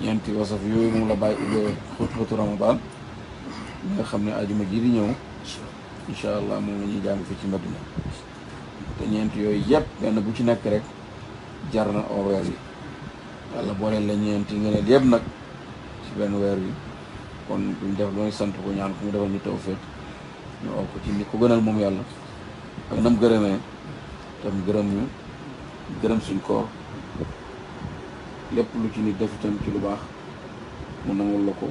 ñeenti wasaf yooyu moom la bàyyi ubbee xutbatu ramadan ñi nga xam ne ajuma ji di ñëw incha allah moom la ñuy jàng fi ci Madina te ñeent yooyu yëpp benn bu ci nekk rek jar na oo weer yi yàlla booleel la ñeenti ngëneel yëpp nag ci benn weer wi kon buñ def looy sant ko ñaan ko mu defal ñu tawfeex ñu oo ko ci ni ko gënal moom yàlla ak nam gërëmee tam gërëm ñu gërëm suñ koor lépp lu ci nit defu tam ci lu baax mu nangul la ko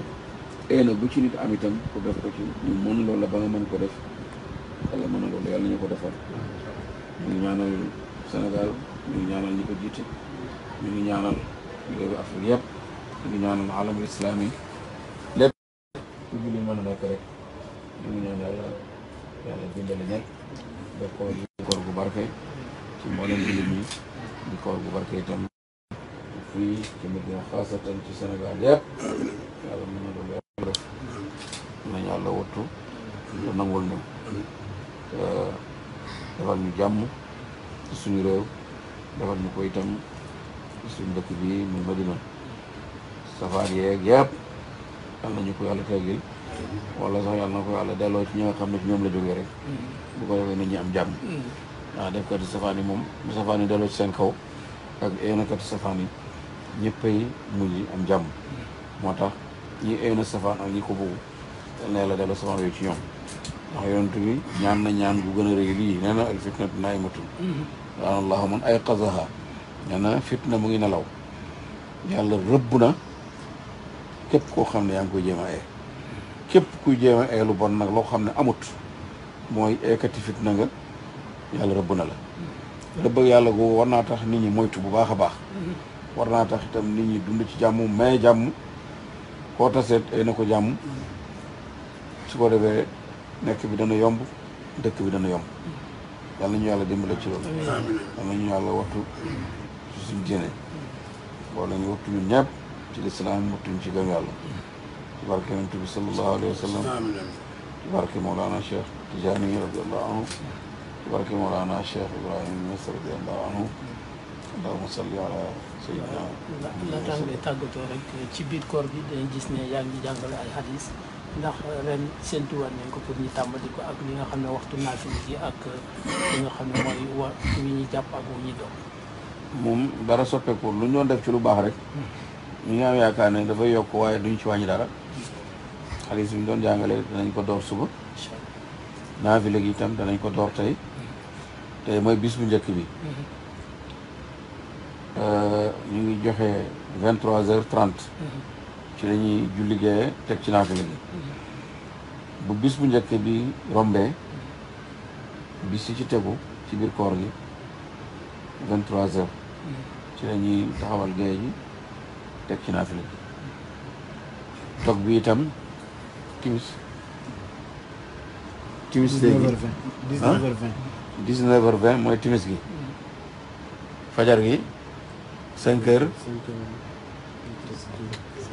eena eh, bu ci nit am itam ku def ko ci ñu mën loolu la ba nga mën ko def yàlla mën na loolu yàlla ñu ko defal ñu ngi ñaanal Sénégal ñu ñaanal ñi ko jiite ñu ñaanal réewu Afrique yëpp ñu ñaanal alamul islam yi lépp ku julli mën a rek ñu ngi ñaan yàlla yàlla bindale ñëpp ko koor gu barke ci mboolem jullit di koor gu itam fii ci Medina xaasatan ci senegal yëpp yàlla mën na loolu yàlla def nañ yàlla wattu te nangul ñu defal ñu jàmm ci suñu réew defal ñu ko itam ci suñu dëkk bi muy Medina safaar yeeg yëpp yàlla nañu ko yàlla teggil wala sax yàlla na ko yàlla delloo ci ñi nga xam ne ñoom la jógee rek bu ko defee ñi am jàmm waaw mm. def kati safaan yi moom bu safaan yi delloo ci seen kaw ak yéen a kati safaan yi ñëppay mujj am jàmm moo tax ñi ew na safaan ak ñi ko bëgg ne la delloo safaan yooyu ci ñoom ndax yonent bi ñaan na ñaan gu gën a rëy lii nee na al fitnatu naa'imatun na fitna mu ngi nelaw yàlla rëbb na képp koo xam ne yaa ngi koy jéem képp kuy jéem a bon nag loo xam ne amut mooy eekati fitna nga yàlla rëbb na la rëbb yàlla gu war naa tax nit ñi moytu bu baax a baax war naa tax itam nit ñi dund ci jàmm may jàmm koo taseet ay na ko jàmm su ko defee nekk bi dana yomb dëkk bi dana yomb yàlla ñu yàlla dimbale ci loolu yàlla ñu yàlla wattu ci suñ diine wala ñu wattu ñun ñëpp ci lislaam wattuñ ci gëm yàlla ci barke yonent bi sallallahu alayhi wa sallam ci barke Mawlana Cheikh Tijaani radiyallahu anhu ci barke Mawlana Cheikh Ibrahima Niass radiyallahu allahumma salli ala sayyidina tàggatoo rek ci biir koor gi gis ne yaa ngi jàngale ay hadis ndax ren séntuwaat ko pour tàmbali ko ak li nga xam ne waxtu naafil yi ak li nga xam ne mooy wa wi jàpp ak wu ñu doon moom lu ñu doon def ci lu baax rek ñu ngi am yaakaar ne dafay yokk waaye duñ ci wàññi dara xaalis bi ñu doon jàngale danañ ko door suba naafile gi itam danañ ko door tey tey mooy bis bu njëkk bi mm-hmm. Euh, ñu ngi joxe vingt trois ci lañuy ñuy julligee teg ci naafila bi bu bis bu njëkk bi rombee bis yi ci tegu ci biir koor gi vingt trois ci la ñuy taxawal gee ji teg ci naafila bi toog bi itam timis timis léegi dix-neuf heures vingt dix-neuf heures mooy timis gi fajar gi cinq heures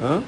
ah